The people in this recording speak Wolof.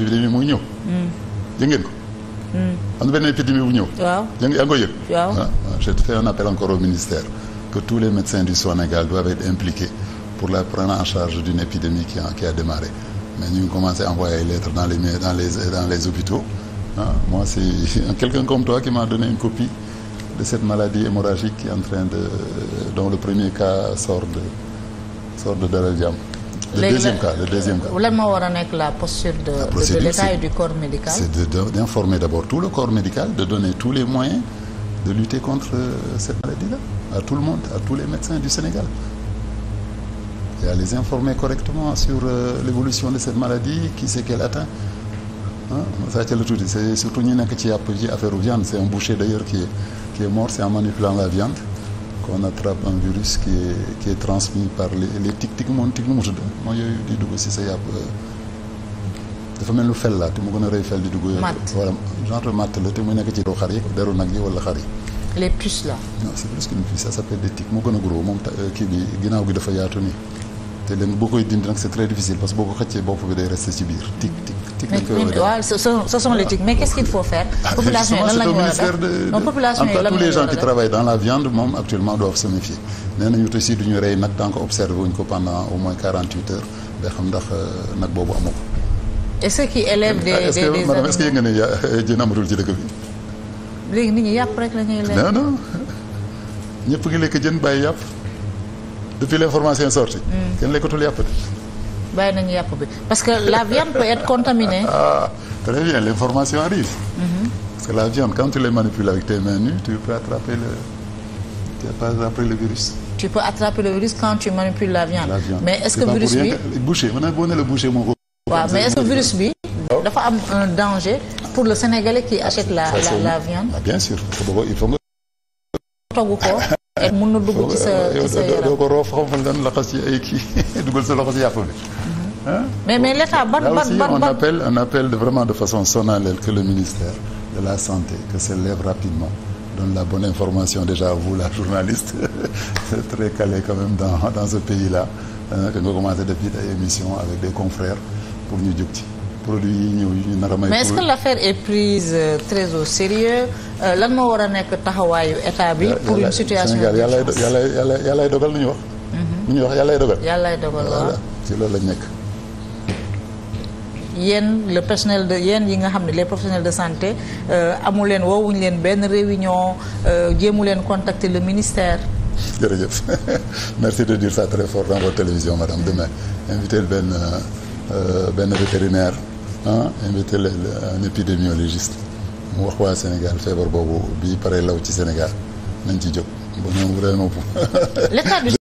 épidémie mu ngi ñëw. yëg hmm. ngeen ko. Hmm. am na benn épidémie bu ñëw. waaw yaa ngi koy yëg. waaw je fais un appel au ministère que tous les médecins du Sénégal doivent être impliqués pour la prendre en charge d'une épidémie qui a qui a démarré mais ñu ngi commencé envoyer lettres dans les dans dans les hôpitaux ah, moi c'est quelqu'un comme toi qui m'a donné une copie de cette maladie hémorragique qui en train de dont le premier cas sort de sort de Dalal le deuxième cas le deuxième cas. moo war a nekk la posture de. La de l'État et du corps médical. c'est de d'informer d'abord tout le corps médical de donner tous les moyens de lutter contre euh, cette maladie-là à tout le monde à tous les médecins du Sénégal et à les informer correctement sur euh, l'évolution de cette maladie qui c'est qu'elle atteint ah saa ca la tuuti c'est surtout ñi nekk ci yàpp ji affaire viande c'est un boucher d'ailleurs qui est qui est mort c'est en manipulant la viande. qu'on attrape un virus qui est qui est transmis par les les tic tic moom tic nu mu tudd mooy yooyu di dugg si sa yàpp dafa mel lu fel la te mu gën a rëy fel di dugg. matt wala genre matt la te mu nekk ci doo xar yi deru nag yi wala xar yi. les puces là. non c'est plus qu'une puce ça s'appelle des tiques moo gën a gros moom kii bi ginnaaw gi dafa yaatu nii. te leen boo koy dindi nag c'est très difficile parce que boo ko xëccee bopp bi day rester ci biir tic tic tic lañ koy waaw ce sont les tics mais qu'est-ce qu'il faut faire ah, population yi lan la ñu war a def non population yi lan la ñu war a def en tout cas tous les gens qui travaillent dans la viande moom actuellement doivent se méfier nee nañu te si duñu rey nag tant que observé wuñ ko pendant au moins 48 heures day xam ndax euh, nag boobu amoo ko et ceux qui élèvent des des des animaux est-ce que yëg nga ne euh, jën amatul ci dëkk bi. léegi nit ñi yàpp rek la ñuy lekk. non non ñëpp ngi lekk jën bàyyi yàpp. depuis l'information sortie hmm. kenn lekkatul yàpp de bàyyi nañu yàpp bi parce que la viande peut être contaminée ah très bien l'information arrive mm -hmm. parce que la quand tu les manipules avec tes mains nues tu peux attraper le virus tu peux attraper le virus quand tu manipules la mais est que virus bi boucher mais est que virus bi dafa am danger pour le Sénégalais qui ah, achète la la, ah, bien sûr il faut nga togg mun na dugg ci sa ci doo ko roof xam-xam daan ci ay kii dugal sa loxo si yàpp bi. mais aussi on appelle on appelle vraiment de façon solennelle que le ministère de la santé que se lève rapidement donne la bonne information déjà à vous la journaliste très calé quand même dans dans ce pays là euh, que nga commencé def ay émission avec des confrères pour ñu jóg ci. produit yi ñëw yu ñu nar a may. mais est-ce que l'affaire est prise euh, très au sérieux euh, lan moo war a nekk taxawaayu état bi. pour une situation Sénégal yàlla yàlla yàlla dogal nu ñu wax. nu mhm. ñu wax yàlla dogal. yàlla dogal waaw ci loolu lañ nekk. yéen le personnel de yéen yi nga xam ne les professionnels de santé euh, amu leen woowuñu leen benn réunion jéemu leen contacter le ministère. jërëjëf merci de dire ça très fort dans votre télévision madame demain invité benn benn vétérinaire. ah invité leen un épidémiologiste mu wax waa Sénégal feebar boobu bi pare law ci Sénégal nañ ci jóg ba ñoom vraiment.